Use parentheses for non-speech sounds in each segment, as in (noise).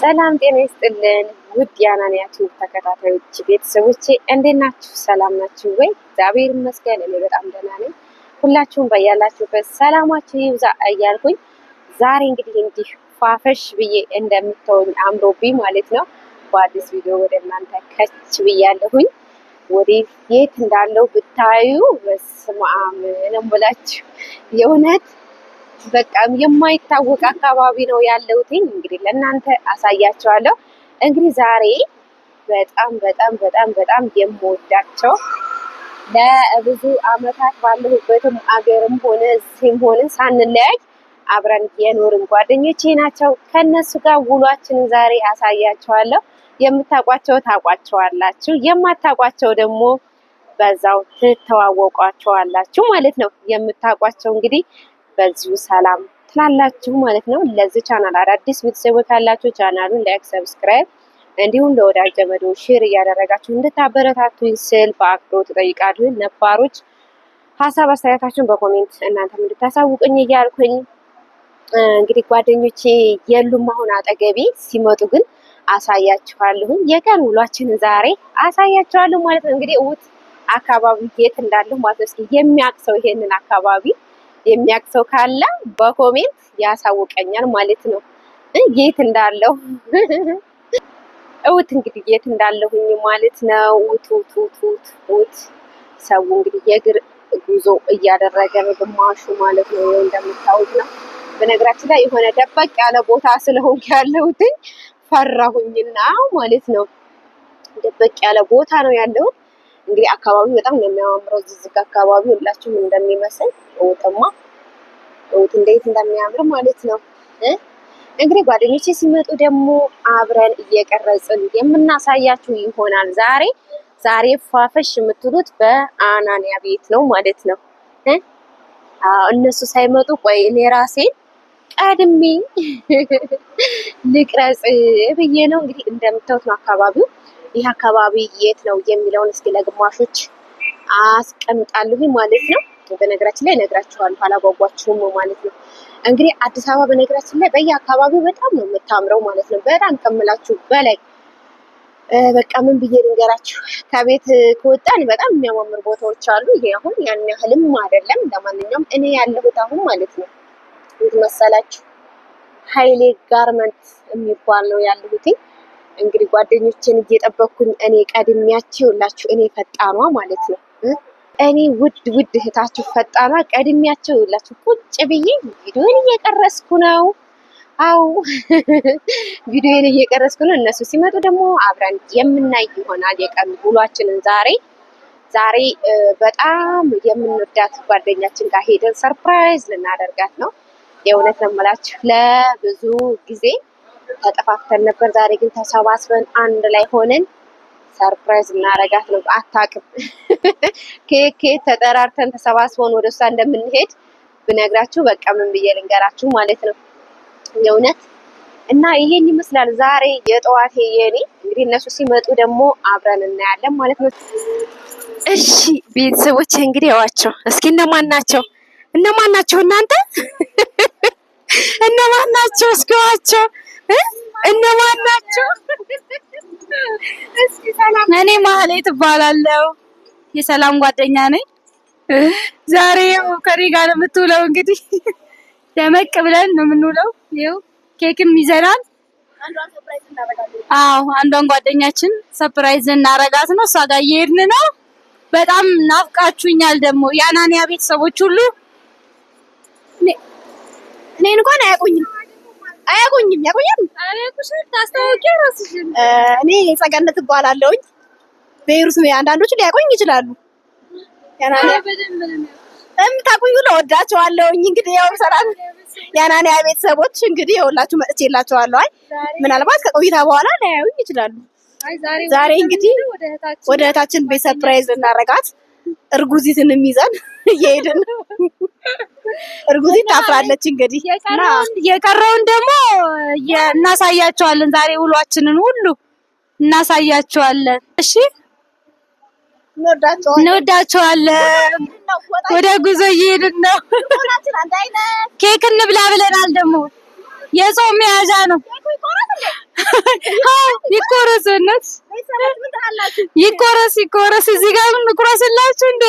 ሰላም ጤና ይስጥልን ውድ የአናንያ ቲዩብ ተከታታዮች ቤተሰቦቼ እንዴት ናችሁ? ሰላም ናችሁ ወይ? እግዚአብሔር ይመስገን እኔ በጣም ደህና ነኝ። ሁላችሁም በያላችሁበት ሰላማችሁ ይብዛ እያልኩኝ ዛሬ እንግዲህ እንዲህ ፋፈሽ ብዬ እንደምታዩኝ አምሮብኝ ማለት ነው በአዲስ ቪዲዮ ወደ እናንተ ከች ብያለሁኝ። ወዴት የት እንዳለው ብታዩ በስመ አብ ነው የምላችሁ የእውነት በቃ የማይታወቅ አካባቢ ነው ያለሁትኝ። እንግዲህ ለእናንተ አሳያቸዋለሁ። እንግዲህ ዛሬ በጣም በጣም በጣም በጣም የምወዳቸው ለብዙ አመታት ባለሁበትም አገርም ሆነ እዚህም ሆነ ሳንለያይ አብረን የኖርን ጓደኞቼ ናቸው። ከነሱ ጋር ውሏችንን ዛሬ አሳያቸዋለሁ። የምታውቋቸው ታውቋቸዋላችሁ፣ የማታውቋቸው ደግሞ በዛው ትተዋወቋቸዋላችሁ ማለት ነው። የምታውቋቸው እንግዲህ በዚሁ ሰላም ትላላችሁ ማለት ነው። ለዚህ ቻናል አዳዲስ ቤተሰቦች ካላችሁ ቻናሉን ላይክ፣ ሰብስክራይብ እንዲሁም ለወዳጅ ዘመዶ ሼር እያደረጋችሁ እንድታበረታቱኝ ስል በአክብሮት እጠይቃለሁ። ነባሮች ሀሳብ አስተያየታችሁን በኮሜንት እናንተም እንድታሳውቅኝ እያልኩኝ እንግዲህ ጓደኞቼ የሉም አሁን አጠገቤ፣ ሲመጡ ግን አሳያችኋለሁ። የቀን ውሏችንን ዛሬ አሳያችኋለሁ ማለት ነው። እንግዲህ እሑድ አካባቢ የት እንዳለሁ ማለት ነው። እስኪ የሚያውቅ ሰው ይሄንን አካባቢ የሚያውቅ ሰው ካለ በኮሜንት ያሳውቀኛል ማለት ነው። የት እንዳለው እውት እንግዲህ የት እንዳለሁኝ ማለት ነው። ውት ውት ውት ውት ሰው እንግዲህ የእግር ጉዞ እያደረገ ነው ግማሹ ማለት ነው። ወይ ነው። በነገራችን ላይ የሆነ ደበቅ ያለ ቦታ ስለሆንኩ ያለሁትኝ ፈራሁኝና ማለት ነው። ደበቅ ያለ ቦታ ነው ያለሁት። እንግዲህ አካባቢው በጣም ነው የሚያምረው። ዝዝግ አካባቢ ሁላችሁም እንደሚመስል እውትማ እውት እንዴት እንደሚያምር ማለት ነው። እንግዲህ ጓደኞች ሲመጡ ደግሞ አብረን እየቀረጽን የምናሳያችሁ ይሆናል። ዛሬ ዛሬ ፏፈሽ የምትሉት በአናንያ ቤት ነው ማለት ነው። እነሱ ሳይመጡ ቆይ እኔ ራሴን ቀድሜ (laughs) ልቅረጽ ብዬ ነው። እንግዲህ እንደምታዩት ነው አካባቢው። ይህ አካባቢ የት ነው የሚለውን እስኪ ለግማሾች አስቀምጣለሁ ማለት ነው። በነገራችን ላይ እነግራችኋለሁ፣ አላጓጓችሁም ማለት ነው። እንግዲህ አዲስ አበባ በነገራችን ላይ በየአካባቢው በጣም ነው የምታምረው ማለት ነው። በጣም ከምላችሁ በላይ በቃ ምን ብዬ ልንገራችሁ፣ ከቤት ከወጣን በጣም የሚያማምር ቦታዎች አሉ። ይሄ አሁን ያን ያህልም አይደለም። ለማንኛውም እኔ ያለሁት አሁን ማለት ነው የት መሰላችሁ? ሀይሌ ጋርመንት የሚባል ነው ያለሁት። እንግዲህ ጓደኞችን እየጠበኩኝ እኔ ቀድሚያችሁ ሁላችሁ እኔ ፈጣኗ ማለት ነው እኔ ውድ ውድ እህታችሁ ፈጣኗ ቀድሚያቸው ላችሁ ቁጭ ብዬ ቪዲዮን እየቀረስኩ ነው። አው (laughs) ቪዲዮን እየቀረስኩ ነው። እነሱ ሲመጡ ደግሞ አብረን የምናይ ይሆናል የቀን ውሏችንን። ዛሬ ዛሬ በጣም የምንወዳት ጓደኛችን ጋር ሄደን ሰርፕራይዝ ልናደርጋት ነው። የእውነት ነው የምላችሁ ለብዙ ጊዜ ተጠፋፍተን ነበር። ዛሬ ግን ተሰባስበን አንድ ላይ ሆነን ሰርፕራይዝ እናረጋት ነው። አታውቅም። (laughs) ኬክ ኬክ ተጠራርተን ተሰባስበን ወደ እሷ እንደምንሄድ ብነግራችሁ በቃ ምን ብዬ ልንገራችሁ ማለት ነው የእውነት እና ይሄን ይመስላል ዛሬ የጠዋት የኔ። እንግዲህ እነሱ ሲመጡ ደግሞ አብረን እናያለን ማለት ነው። እሺ ቤተሰቦች እንግዲህ ያዋቸው እስኪ እነማን ናቸው? እነማን ናቸው? እናንተ (laughs) እነማን ናቸው? እስኪዋቸው እነማን ናቸው? (laughs) እኔ ማህሌት ትባላለው የሰላም ጓደኛ ነኝ። ዛሬ ከኔ ጋር ነው የምትውለው። እንግዲህ ደመቅ ብለን ነው የምንውለው። ይኸው ኬክም ይዘናል። አዎ አንዷን ጓደኛችን ሰፕራይዝ እናረጋት ነው። እሷ ጋር እየሄድን ነው። በጣም ናፍቃችሁኛል። ደግሞ የአናንያ ቤተሰቦች ሁሉ እኔ እንኳን አያውቁኝም። አያቆኝም ያቆያል። እኔ ጸጋነት እባላለሁኝ። ነው። አንዳንዶቹ ሊያቆኝ ይችላሉ። የምታቆዩ ለወዳቸዋለሁኝ። እንግዲህ ያው ሰላም ያናኔ ቤተሰቦች እንግዲህ የሁላችሁ መጥቼ የላቸዋለሁ። አይ ምናልባት ከቆይታ በኋላ ሊያዩኝ ይችላሉ። ዛሬ እንግዲህ ወደ እህታችን ቤት ሰርፕራይዝ እናረጋት እርጉዚትን የሚይዛል እየሄድን እርጉዚት ታፍራለች። እንግዲህ የቀረውን ደግሞ እናሳያቸዋለን። ዛሬ ውሏችንን ሁሉ እናሳያቸዋለን። እሺ፣ እንወዳቸዋለን። ወደ ጉዞ እየሄድን ነው። ኬክ እንብላ ብለናል ደግሞ የጾም መያዣ ነው። አዎ ይቆረስ፣ እነት ይቆረስ፣ ይቆረስ። እዚህ ጋር ምን እንዴ?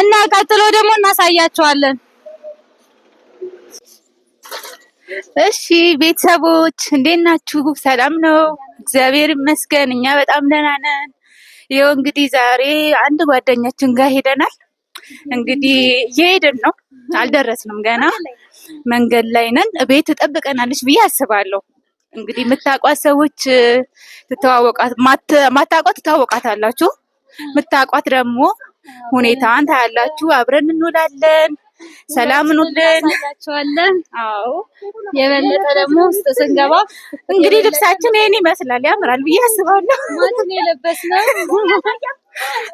እና ቀጥሎ ደግሞ እናሳያቸዋለን። እሺ ቤተሰቦች እንዴት ናችሁ? ሰላም ነው? እግዚአብሔር ይመስገን እኛ በጣም ደህና ነን። ይኸው እንግዲህ ዛሬ አንድ ጓደኛችን ጋር ሄደናል። እንግዲህ እየሄድን ነው አልደረስንም። ገና መንገድ ላይ ነን። ቤት ትጠብቀናለች ብዬ አስባለሁ። እንግዲህ የምታውቋት ሰዎች ትተዋወቃት፣ ማታውቋት ትተዋወቃታላችሁ፣ የምታውቋት ደግሞ ሁኔታዋን ታያላችሁ። አብረን እንውላለን። ሰላም ኑልን። አዎ የበለጠ ደግሞ ውስጥ ስንገባ እንግዲህ ልብሳችን ይሄን ይመስላል። ያምራል ብዬ አስባለሁ። የለበስ ነው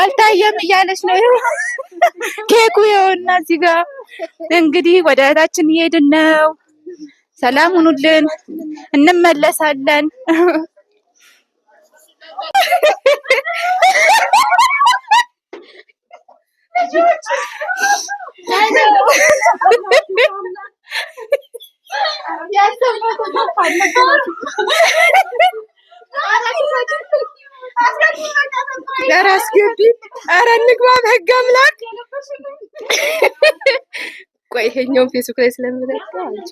አልታየም እያለች ነው። ኬኩ የውና እዚህ እንግዲህ ወደ እህታችን እየሄድን ነው። ሰላም ሁኑልን፣ እንመለሳለን። ኧረ አስገቢ፣ ኧረ እንግባ። በህግ አምላክ ቆይ፣ ይሄኛውን ፌስቡክ ላይ ስለምለቀ አንቺ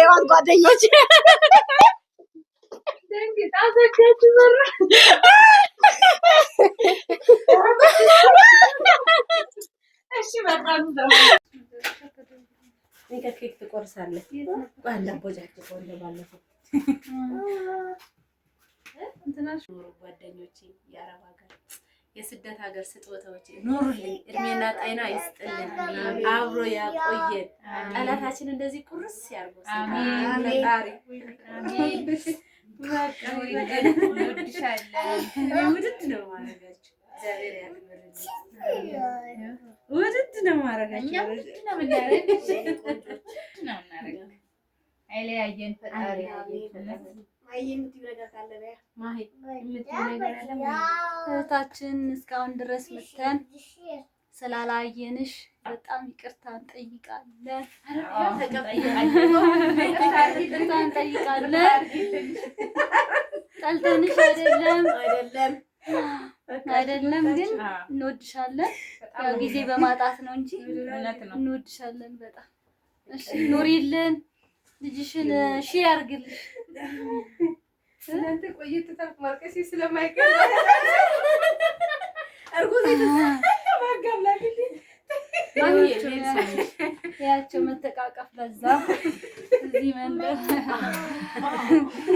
የዋት ጓደኞች ትደርሳለህ። ባላቦጫጭቆ እንደባለፈው እንትናሽ ኑሮ ጓደኞቼ፣ የአረብ ሀገር የስደት ሀገር ስጦታዎች ኑሩልኝ፣ እድሜና ጤና ይስጥልን፣ አብሮ ያቆየን። ጠላታችን እንደዚህ ቁርስ ያርጎ ነው ማለጋቸው ውድድ ነው ማረጋቸው። እህታችን እስካሁን ድረስ መተን ስላላየንሽ በጣም ይቅርታ እንጠይቃለን። ይቅርታ እንጠይቃለን። ጠልተንሽ አይደለም አይደለም አይደለም ግን እንወድሻለን። ያው ጊዜ በማጣት ነው እንጂ እንወድሻለን በጣም። እሺ ኑሪልን፣ ልጅሽን ሺ ያርግልሽ። ስለዚህ ቆይት ተርክ ማርቀሲ ስለማይቀር እርጉዝ ያቸው መተቃቀፍ በዛ እዚህ መንደር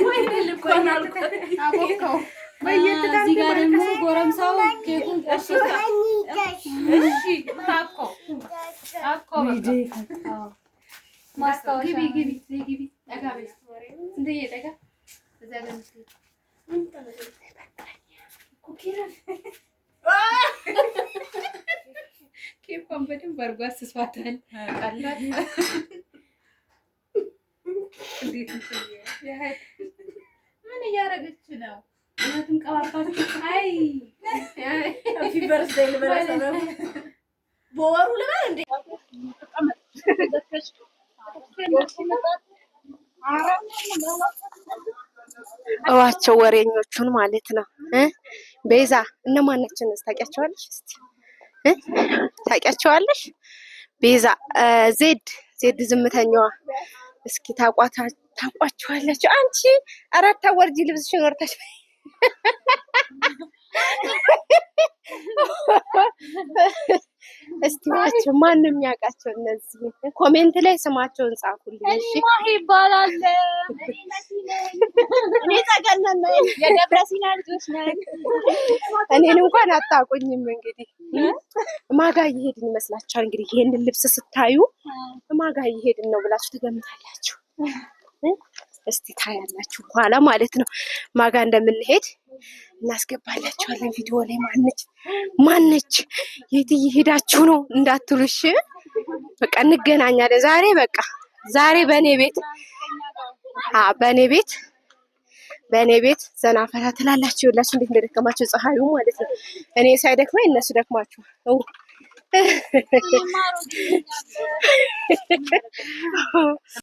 ወይ ልቆናል እዚህ ጋር ደግሞ ጎረምሳው ኬኩን ኬኳን በደንብ አድርጎ አስሷታል። ምን እያደረገች ነው? ቀባባችሁ። አይ በወሩ ልበል እንዴ እዋቸው ወሬኞቹን ማለት ነው። ቤዛ እነማን ናቸው? ታውቂያቸዋለሽ? እስቲ ታውቂያቸዋለሽ? ቤዛ ዜድ ዜድ ዝምተኛዋ እስኪ ታቋቸዋለች። አንቺ አራት ወርጂ ልብስሽን ወርተሽ (laughs) እስኪዋቸው ማንም ያውቃቸው እነዚህ ኮሜንት ላይ ስማቸውን ጻፉልኝ። እሺ ማሂ ይባላል። እኔ ተገነነ የደብረ ሲና ልጆች ነን። እኔን እንኳን አታውቁኝም። እንግዲህ ማጋ እየሄድን ይመስላችኋል? እንግዲህ ይሄንን ልብስ ስታዩ ማጋ እየሄድን ነው ብላችሁ ትገምታላችሁ? እስቲ ታያላችሁ በኋላ ማለት ነው ማጋ እንደምንሄድ እናስገባላችኋለን። ቪዲዮ ላይ ማነች ማነች የት እየሄዳችሁ ነው እንዳትሉሽ። በቃ እንገናኛለን ዛሬ በቃ ዛሬ በእኔ ቤት በእኔ ቤት በእኔ ቤት ዘና ፈታ ትላላችሁ። ሁላችሁ እንዴት እንደደከማችሁ ፀሐዩ ማለት ነው። እኔ ሳይደክመኝ እነሱ ደክማችሁ